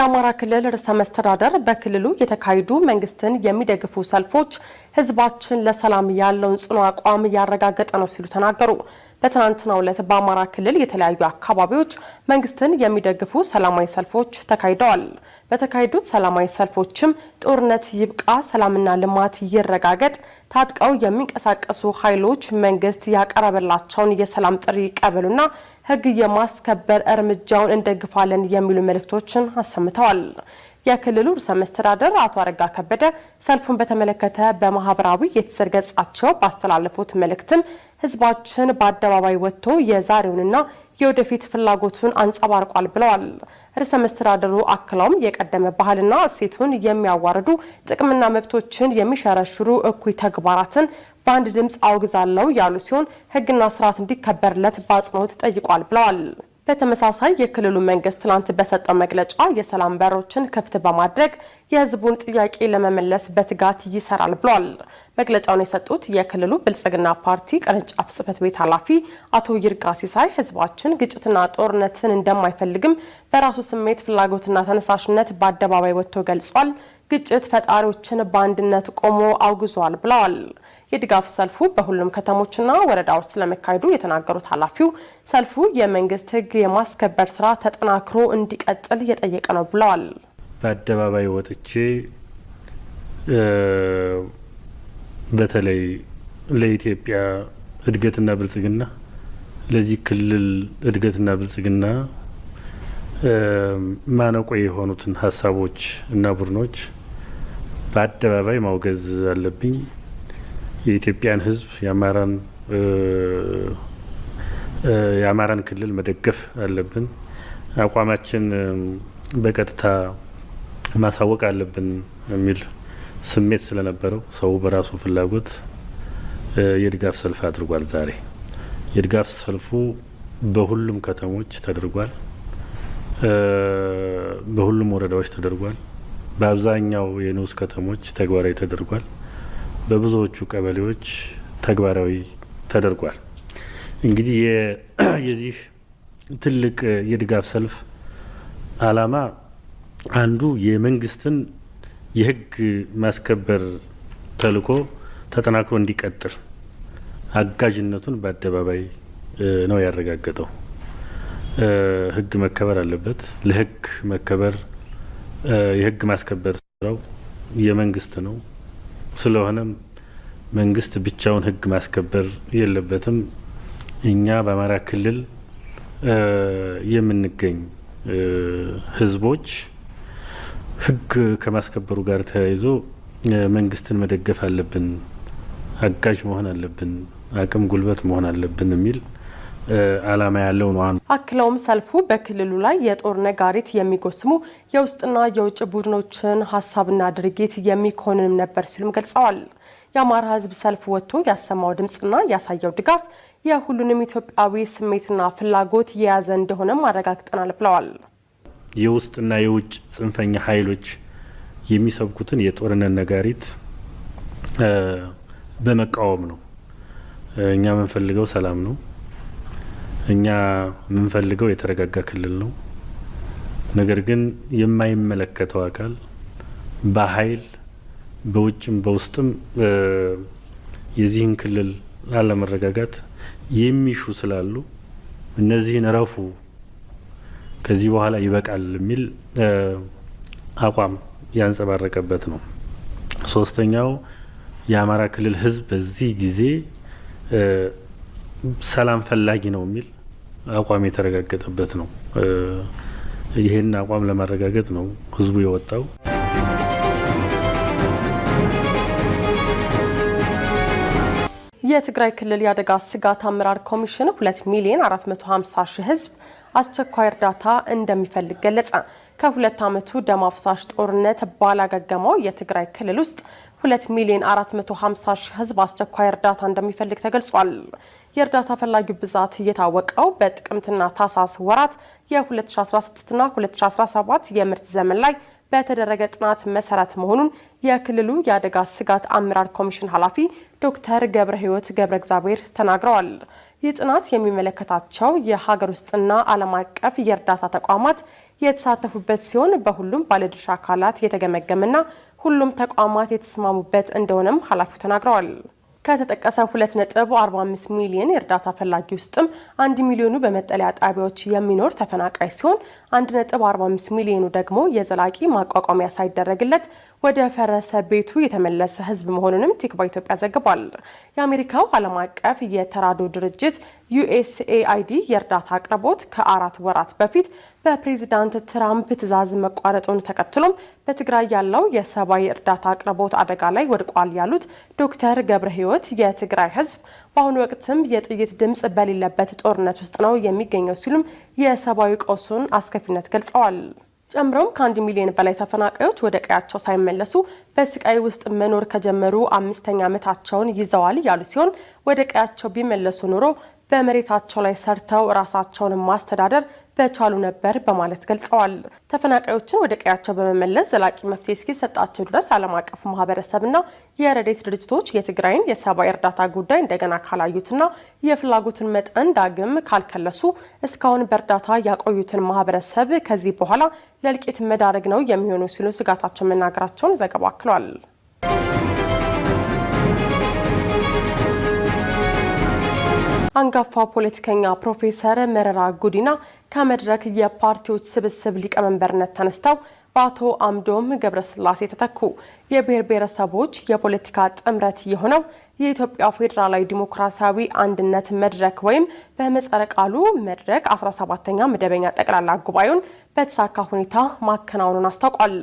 የአማራ ክልል ርዕሰ መስተዳደር በክልሉ የተካሄዱ መንግስትን የሚደግፉ ሰልፎች ህዝባችን ለሰላም ያለውን ጽኑ አቋም እያረጋገጠ ነው ሲሉ ተናገሩ። በትናንትናው ዕለት በአማራ ክልል የተለያዩ አካባቢዎች መንግስትን የሚደግፉ ሰላማዊ ሰልፎች ተካሂደዋል። በተካሄዱት ሰላማዊ ሰልፎችም ጦርነት ይብቃ፣ ሰላምና ልማት ይረጋገጥ፣ ታጥቀው የሚንቀሳቀሱ ኃይሎች መንግስት ያቀረበላቸውን የሰላም ጥሪ ይቀበሉና ህግ የማስከበር እርምጃውን እንደግፋለን የሚሉ መልእክቶችን አሰምተዋል። የክልሉ ርዕሰ መስተዳደር አቶ አረጋ ከበደ ሰልፉን በተመለከተ በማህበራዊ የትስስር ገጻቸው ባስተላለፉት መልእክትም ህዝባችን በአደባባይ ወጥቶ የዛሬውንና የወደፊት ፍላጎቱን አንጸባርቋል ብለዋል። ርዕሰ መስተዳደሩ አክለውም የቀደመ ባህልና እሴቱን የሚያዋርዱ ጥቅምና መብቶችን የሚሸረሽሩ እኩይ ተግባራትን በአንድ ድምፅ አውግዛለሁ ያሉ ሲሆን ህግና ስርዓት እንዲከበርለት በአጽንኦት ጠይቋል ብለዋል። በተመሳሳይ የክልሉ መንግስት ትናንት በሰጠው መግለጫ የሰላም በሮችን ክፍት በማድረግ የህዝቡን ጥያቄ ለመመለስ በትጋት ይሰራል ብሏል። መግለጫውን የሰጡት የክልሉ ብልጽግና ፓርቲ ቅርንጫፍ ጽህፈት ቤት ኃላፊ አቶ ይርጋ ሲሳይ ህዝባችን ግጭትና ጦርነትን እንደማይፈልግም በራሱ ስሜት ፍላጎትና ተነሳሽነት በአደባባይ ወጥቶ ገልጿል። ግጭት ፈጣሪዎችን በአንድነት ቆሞ አውግዟል ብለዋል። የድጋፍ ሰልፉ በሁሉም ከተሞችና ወረዳዎች ስለመካሄዱ የተናገሩት ኃላፊው ሰልፉ የመንግስት ህግ የማስከበር ስራ ተጠናክሮ እንዲቀጥል እየጠየቀ ነው ብለዋል። በአደባባይ ወጥቼ በተለይ ለኢትዮጵያ እድገትና ብልጽግና ለዚህ ክልል እድገትና ብልጽግና ማነቆ የሆኑትን ሀሳቦች እና ቡድኖች በአደባባይ ማውገዝ አለብኝ። የኢትዮጵያን ህዝብ የአማራን የአማራን ክልል መደገፍ አለብን። አቋማችን በቀጥታ ማሳወቅ አለብን የሚል ስሜት ስለነበረው ሰው በራሱ ፍላጎት የድጋፍ ሰልፍ አድርጓል። ዛሬ የድጋፍ ሰልፉ በሁሉም ከተሞች ተደርጓል። በሁሉም ወረዳዎች ተደርጓል። በአብዛኛው የንዑስ ከተሞች ተግባራዊ ተደርጓል። በብዙዎቹ ቀበሌዎች ተግባራዊ ተደርጓል። እንግዲህ የዚህ ትልቅ የድጋፍ ሰልፍ ዓላማ አንዱ የመንግስትን የህግ ማስከበር ተልኮ ተጠናክሮ እንዲቀጥል አጋዥነቱን በአደባባይ ነው ያረጋገጠው። ህግ መከበር አለበት። ለህግ መከበር የህግ ማስከበር ስራው የመንግስት ነው። ስለሆነም መንግስት ብቻውን ህግ ማስከበር የለበትም። እኛ በአማራ ክልል የምንገኝ ህዝቦች ህግ ከማስከበሩ ጋር ተያይዞ መንግስትን መደገፍ አለብን፣ አጋዥ መሆን አለብን፣ አቅም ጉልበት መሆን አለብን የሚል ዓላማ ያለው ነው። አክለውም ሰልፉ በክልሉ ላይ የጦር ነጋሪት የሚጎስሙ የውስጥና የውጭ ቡድኖችን ሀሳብና ድርጊት የሚኮንንም ነበር ሲሉም ገልጸዋል። የአማራ ሕዝብ ሰልፍ ወጥቶ ያሰማው ድምፅና ያሳየው ድጋፍ የሁሉንም ኢትዮጵያዊ ስሜትና ፍላጎት የያዘ እንደሆነም አረጋግጠናል ብለዋል። የውስጥና የውጭ ጽንፈኛ ኃይሎች የሚሰብኩትን የጦርነት ነጋሪት በመቃወም ነው። እኛ የምንፈልገው ሰላም ነው። እኛ የምንፈልገው የተረጋጋ ክልል ነው። ነገር ግን የማይመለከተው አካል በኃይል በውጭም በውስጥም የዚህን ክልል አለመረጋጋት የሚሹ ስላሉ እነዚህን ረፉ ከዚህ በኋላ ይበቃል የሚል አቋም ያንጸባረቀበት ነው። ሶስተኛው የአማራ ክልል ህዝብ በዚህ ጊዜ ሰላም ፈላጊ ነው የሚል አቋም የተረጋገጠበት ነው። ይህን አቋም ለማረጋገጥ ነው ህዝቡ የወጣው። የትግራይ ክልል የአደጋ ስጋት አመራር ኮሚሽን 2 ሚሊዮን 450 ሺህ ህዝብ አስቸኳይ እርዳታ እንደሚፈልግ ገለጸ። ከሁለት ዓመቱ ደም አፍሳሽ ጦርነት ባላገገመው የትግራይ ክልል ውስጥ ሁለት ሚሊዮን 450 ሺህ ህዝብ አስቸኳይ እርዳታ እንደሚፈልግ ተገልጿል። የእርዳታ ፈላጊው ብዛት እየታወቀው በጥቅምትና ታህሳስ ወራት የ2016ና 2017 የምርት ዘመን ላይ በተደረገ ጥናት መሰረት መሆኑን የክልሉ የአደጋ ስጋት አመራር ኮሚሽን ኃላፊ ዶክተር ገብረ ህይወት ገብረ እግዚአብሔር ተናግረዋል። ይህ ጥናት የሚመለከታቸው የሀገር ውስጥና ዓለም አቀፍ የእርዳታ ተቋማት የተሳተፉበት ሲሆን በሁሉም ባለድርሻ አካላት የተገመገመና ሁሉም ተቋማት የተስማሙበት እንደሆነም ኃላፊው ተናግረዋል። ከተጠቀሰ 2.45 ሚሊዮን የእርዳታ ፈላጊ ውስጥም 1 ሚሊዮኑ በመጠለያ ጣቢያዎች የሚኖር ተፈናቃይ ሲሆን 1.45 ሚሊዮኑ ደግሞ የዘላቂ ማቋቋሚያ ሳይደረግለት ወደ ፈረሰ ቤቱ የተመለሰ ሕዝብ መሆኑንም ቲክቫህ ኢትዮጵያ ዘግቧል። የአሜሪካው ዓለም አቀፍ የተራድኦ ድርጅት ዩኤስኤአይዲ የእርዳታ አቅርቦት ከአራት ወራት በፊት በፕሬዚዳንት ትራምፕ ትዕዛዝ መቋረጡን ተከትሎም በትግራይ ያለው የሰብአዊ እርዳታ አቅርቦት አደጋ ላይ ወድቋል ያሉት ዶክተር ገብረ ህይወት የትግራይ ህዝብ በአሁኑ ወቅትም የጥይት ድምፅ በሌለበት ጦርነት ውስጥ ነው የሚገኘው ሲሉም የሰብአዊ ቀውሱን አስከፊነት ገልጸዋል። ጨምሮም ከአንድ ሚሊዮን በላይ ተፈናቃዮች ወደ ቀያቸው ሳይመለሱ በስቃይ ውስጥ መኖር ከጀመሩ አምስተኛ ዓመታቸውን ይዘዋል ያሉ ሲሆን ወደ ቀያቸው ቢመለሱ ኑሮ በመሬታቸው ላይ ሰርተው ራሳቸውን ማስተዳደር በቻሉ ነበር በማለት ገልጸዋል። ተፈናቃዮችን ወደ ቀያቸው በመመለስ ዘላቂ መፍትሄ እስኪሰጣቸው ድረስ ዓለም አቀፍ ማህበረሰብና የረዴት ድርጅቶች የትግራይን የሰብአዊ እርዳታ ጉዳይ እንደገና ካላዩትና የፍላጎትን መጠን ዳግም ካልከለሱ እስካሁን በእርዳታ ያቆዩትን ማህበረሰብ ከዚህ በኋላ ለእልቂት መዳረግ ነው የሚሆኑ ሲሉ ስጋታቸውን መናገራቸውን ዘገባ አክሏል። አንጋፋ ፖለቲከኛ ፕሮፌሰር መረራ ጉዲና ከመድረክ የፓርቲዎች ስብስብ ሊቀመንበርነት ተነስተው በአቶ አምዶም ገብረስላሴ ተተኩ። የብሔር ብሔረሰቦች የፖለቲካ ጥምረት የሆነው የኢትዮጵያ ፌዴራላዊ ዲሞክራሲያዊ አንድነት መድረክ ወይም በምህጻረ ቃሉ መድረክ 17ኛ መደበኛ ጠቅላላ ጉባኤውን በተሳካ ሁኔታ ማከናወኑን አስታውቋል።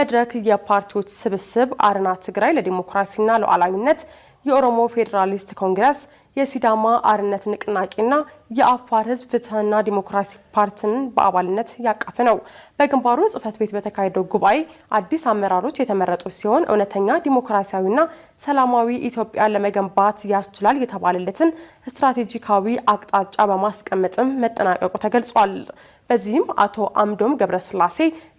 መድረክ የፓርቲዎች ስብስብ አረና ትግራይ ለዲሞክራሲና ሉዓላዊነት የኦሮሞ ፌዴራሊስት ኮንግረስ፣ የሲዳማ አርነት ንቅናቄና የአፋር ህዝብ ፍትህና ዲሞክራሲ ፓርቲን በአባልነት ያቀፈ ነው። በግንባሩ ጽህፈት ቤት በተካሄደው ጉባኤ አዲስ አመራሮች የተመረጡ ሲሆን እውነተኛ ዲሞክራሲያዊና ሰላማዊ ኢትዮጵያ ለመገንባት ያስችላል የተባለለትን ስትራቴጂካዊ አቅጣጫ በማስቀመጥም መጠናቀቁ ተገልጿል። በዚህም አቶ አምዶም ገብረስላሴ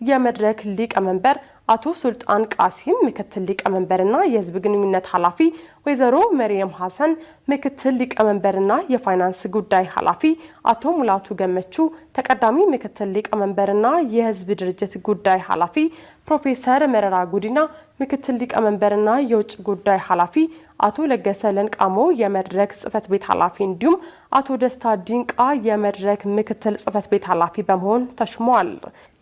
የመድረክ ሊቀመንበር አቶ ሱልጣን ቃሲም ምክትል ሊቀመንበርና የህዝብ ግንኙነት ኃላፊ፣ ወይዘሮ መርየም ሀሰን ምክትል ሊቀመንበርና የፋይናንስ ጉዳይ ኃላፊ፣ አቶ ሙላቱ ገመቹ ተቀዳሚ ምክትል ሊቀመንበርና የህዝብ ድርጅት ጉዳይ ኃላፊ፣ ፕሮፌሰር መረራ ጉዲና ምክትል ሊቀመንበርና የውጭ ጉዳይ ኃላፊ አቶ ለገሰ ለንቃሞ የመድረክ ጽህፈት ቤት ኃላፊ እንዲሁም አቶ ደስታ ዲንቃ የመድረክ ምክትል ጽህፈት ቤት ኃላፊ በመሆን ተሹመዋል።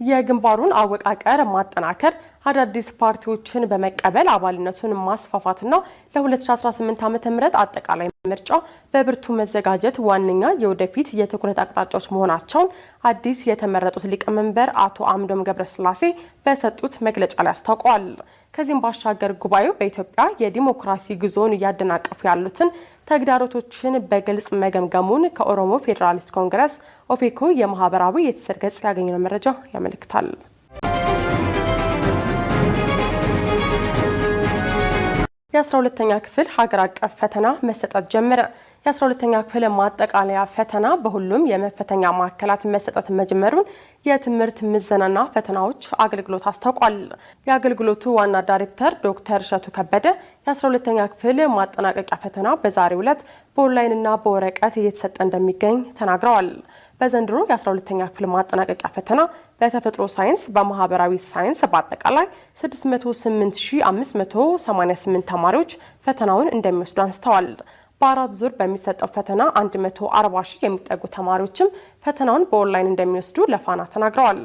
የግንባሩን አወቃቀር ማጠናከር፣ አዳዲስ ፓርቲዎችን በመቀበል አባልነቱን ማስፋፋትና ለ2018 ዓ ም አጠቃላይ ምርጫ በብርቱ መዘጋጀት ዋነኛ የወደፊት የትኩረት አቅጣጫዎች መሆናቸውን አዲስ የተመረጡት ሊቀመንበር አቶ አምዶም ገብረስላሴ በሰጡት መግለጫ ላይ አስታውቀዋል። ከዚህም ባሻገር ጉባኤው በኢትዮጵያ የዲሞክራሲ ጉዞውን እያደናቀፉ ያሉትን ተግዳሮቶችን በግልጽ መገምገሙን ከኦሮሞ ፌዴራሊስት ኮንግረስ ኦፌኮ የማህበራዊ የትስስር ገጽ ያገኘነው መረጃ ያመለክታል። የ12ተኛ ክፍል ሀገር አቀፍ ፈተና መሰጠት ጀመረ። የ12ተኛ ክፍል ማጠቃለያ ፈተና በሁሉም የመፈተኛ ማዕከላት መሰጠት መጀመሩን የትምህርት ምዘናና ፈተናዎች አገልግሎት አስታውቋል። የአገልግሎቱ ዋና ዳይሬክተር ዶክተር እሸቱ ከበደ የ12ተኛ ክፍል ማጠናቀቂያ ፈተና በዛሬው ዕለት በኦንላይንና በወረቀት እየተሰጠ እንደሚገኝ ተናግረዋል። በዘንድሮ የ12ተኛ ክፍል ማጠናቀቂያ ፈተና በተፈጥሮ ሳይንስ፣ በማህበራዊ ሳይንስ በአጠቃላይ 68588 ተማሪዎች ፈተናውን እንደሚወስዱ አንስተዋል። በአራት ዙር በሚሰጠው ፈተና 140 ሺህ የሚጠጉ ተማሪዎችም ፈተናውን በኦንላይን እንደሚወስዱ ለፋና ተናግረዋል።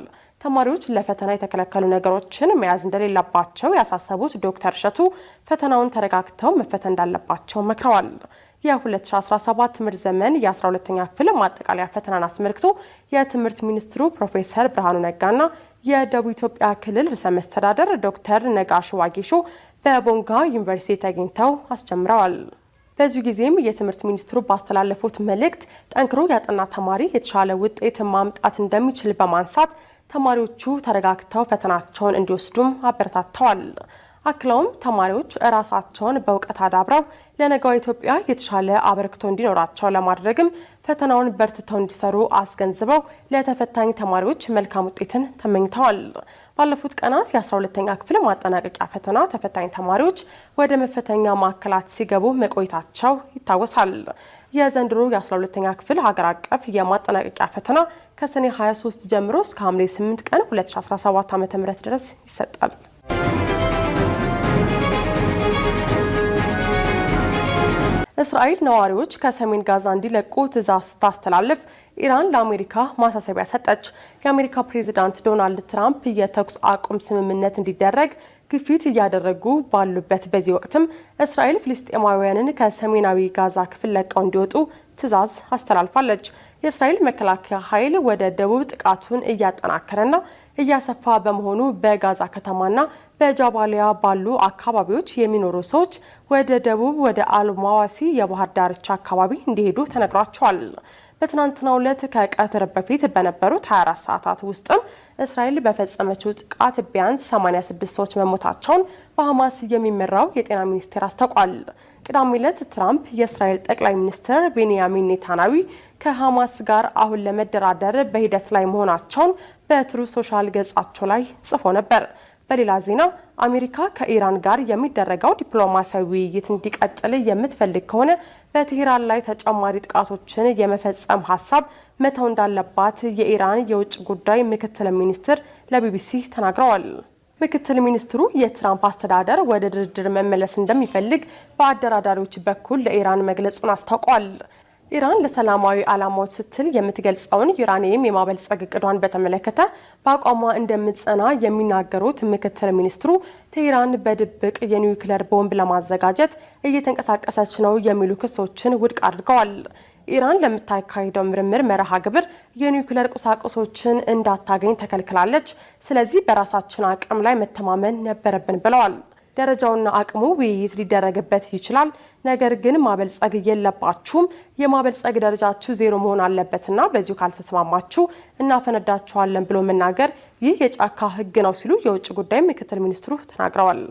ተማሪዎች ለፈተና የተከለከሉ ነገሮችን መያዝ እንደሌለባቸው ያሳሰቡት ዶክተር እሸቱ ፈተናውን ተረጋግተው መፈተን እንዳለባቸው መክረዋል። የ2017 ትምህርት ዘመን የ12ኛ ክፍል ማጠቃለያ ፈተናን አስመልክቶ የትምህርት ሚኒስትሩ ፕሮፌሰር ብርሃኑ ነጋና የደቡብ ኢትዮጵያ ክልል ርዕሰ መስተዳደር ዶክተር ነጋሽ ዋጌሾ በቦንጋ ዩኒቨርሲቲ ተገኝተው አስጀምረዋል። በዚሁ ጊዜም የትምህርት ሚኒስትሩ ባስተላለፉት መልእክት ጠንክሮ ያጠና ተማሪ የተሻለ ውጤት ማምጣት እንደሚችል በማንሳት ተማሪዎቹ ተረጋግተው ፈተናቸውን እንዲወስዱም አበረታተዋል። አክለውም ተማሪዎች እራሳቸውን በእውቀት አዳብረው ለነገዋ ኢትዮጵያ የተሻለ አበርክቶ እንዲኖራቸው ለማድረግም ፈተናውን በርትተው እንዲሰሩ አስገንዝበው ለተፈታኝ ተማሪዎች መልካም ውጤትን ተመኝተዋል። ባለፉት ቀናት የ12ተኛ ክፍል ማጠናቀቂያ ፈተና ተፈታኝ ተማሪዎች ወደ መፈተኛ ማዕከላት ሲገቡ መቆየታቸው ይታወሳል። የዘንድሮ የ12ተኛ ክፍል ሀገር አቀፍ የማጠናቀቂያ ፈተና ከሰኔ 23 ጀምሮ እስከ ሐምሌ 8 ቀን 2017 ም ድረስ ይሰጣል። እስራኤል ነዋሪዎች ከሰሜን ጋዛ እንዲለቁ ትዕዛዝ ስታስተላልፍ ኢራን ለአሜሪካ ማሳሰቢያ ሰጠች። የአሜሪካ ፕሬዚዳንት ዶናልድ ትራምፕ የተኩስ አቁም ስምምነት እንዲደረግ ግፊት እያደረጉ ባሉበት በዚህ ወቅትም እስራኤል ፍልስጤማውያንን ከሰሜናዊ ጋዛ ክፍል ለቀው እንዲወጡ ትዕዛዝ አስተላልፋለች። የእስራኤል መከላከያ ኃይል ወደ ደቡብ ጥቃቱን እያጠናከረና እያሰፋ በመሆኑ በጋዛ ከተማና በጃባሊያ ባሉ አካባቢዎች የሚኖሩ ሰዎች ወደ ደቡብ ወደ አልማዋሲ የባህር ዳርቻ አካባቢ እንዲሄዱ ተነግሯቸዋል። በትናንትናው ዕለት ከቀትር በፊት በነበሩት 24 ሰዓታት ውስጥም እስራኤል በፈጸመችው ጥቃት ቢያንስ 86 ሰዎች መሞታቸውን በሐማስ የሚመራው የጤና ሚኒስቴር አስታውቋል። ቅዳሜ ዕለት ትራምፕ የእስራኤል ጠቅላይ ሚኒስትር ቤንያሚን ኔታናዊ ከሐማስ ጋር አሁን ለመደራደር በሂደት ላይ መሆናቸውን በትሩ ሶሻል ገጻቸው ላይ ጽፎ ነበር። በሌላ ዜና አሜሪካ ከኢራን ጋር የሚደረገው ዲፕሎማሲያዊ ውይይት እንዲቀጥል የምትፈልግ ከሆነ በቴህራን ላይ ተጨማሪ ጥቃቶችን የመፈጸም ሀሳብ መተው እንዳለባት የኢራን የውጭ ጉዳይ ምክትል ሚኒስትር ለቢቢሲ ተናግረዋል። ምክትል ሚኒስትሩ የትራምፕ አስተዳደር ወደ ድርድር መመለስ እንደሚፈልግ በአደራዳሪዎች በኩል ለኢራን መግለጹን አስታውቋል። ኢራን ለሰላማዊ ዓላማዎች ስትል የምትገልጸውን ዩራኒየም የማበልጸግ እቅዷን በተመለከተ በአቋሟ እንደምትጸና የሚናገሩት ምክትል ሚኒስትሩ ቴህራን በድብቅ የኒውክሌር ቦምብ ለማዘጋጀት እየተንቀሳቀሰች ነው የሚሉ ክሶችን ውድቅ አድርገዋል። ኢራን ለምታካሂደው ምርምር መርሃ ግብር የኒውክሌር ቁሳቁሶችን እንዳታገኝ ተከልክላለች። ስለዚህ በራሳችን አቅም ላይ መተማመን ነበረብን ብለዋል። ደረጃውና አቅሙ ውይይት ሊደረግበት ይችላል። ነገር ግን ማበልጸግ የለባችሁም፣ የማበልጸግ ደረጃችሁ ዜሮ መሆን አለበትና በዚሁ ካልተስማማችሁ እናፈነዳችኋለን ብሎ መናገር ይህ የጫካ ሕግ ነው ሲሉ የውጭ ጉዳይ ምክትል ሚኒስትሩ ተናግረዋል።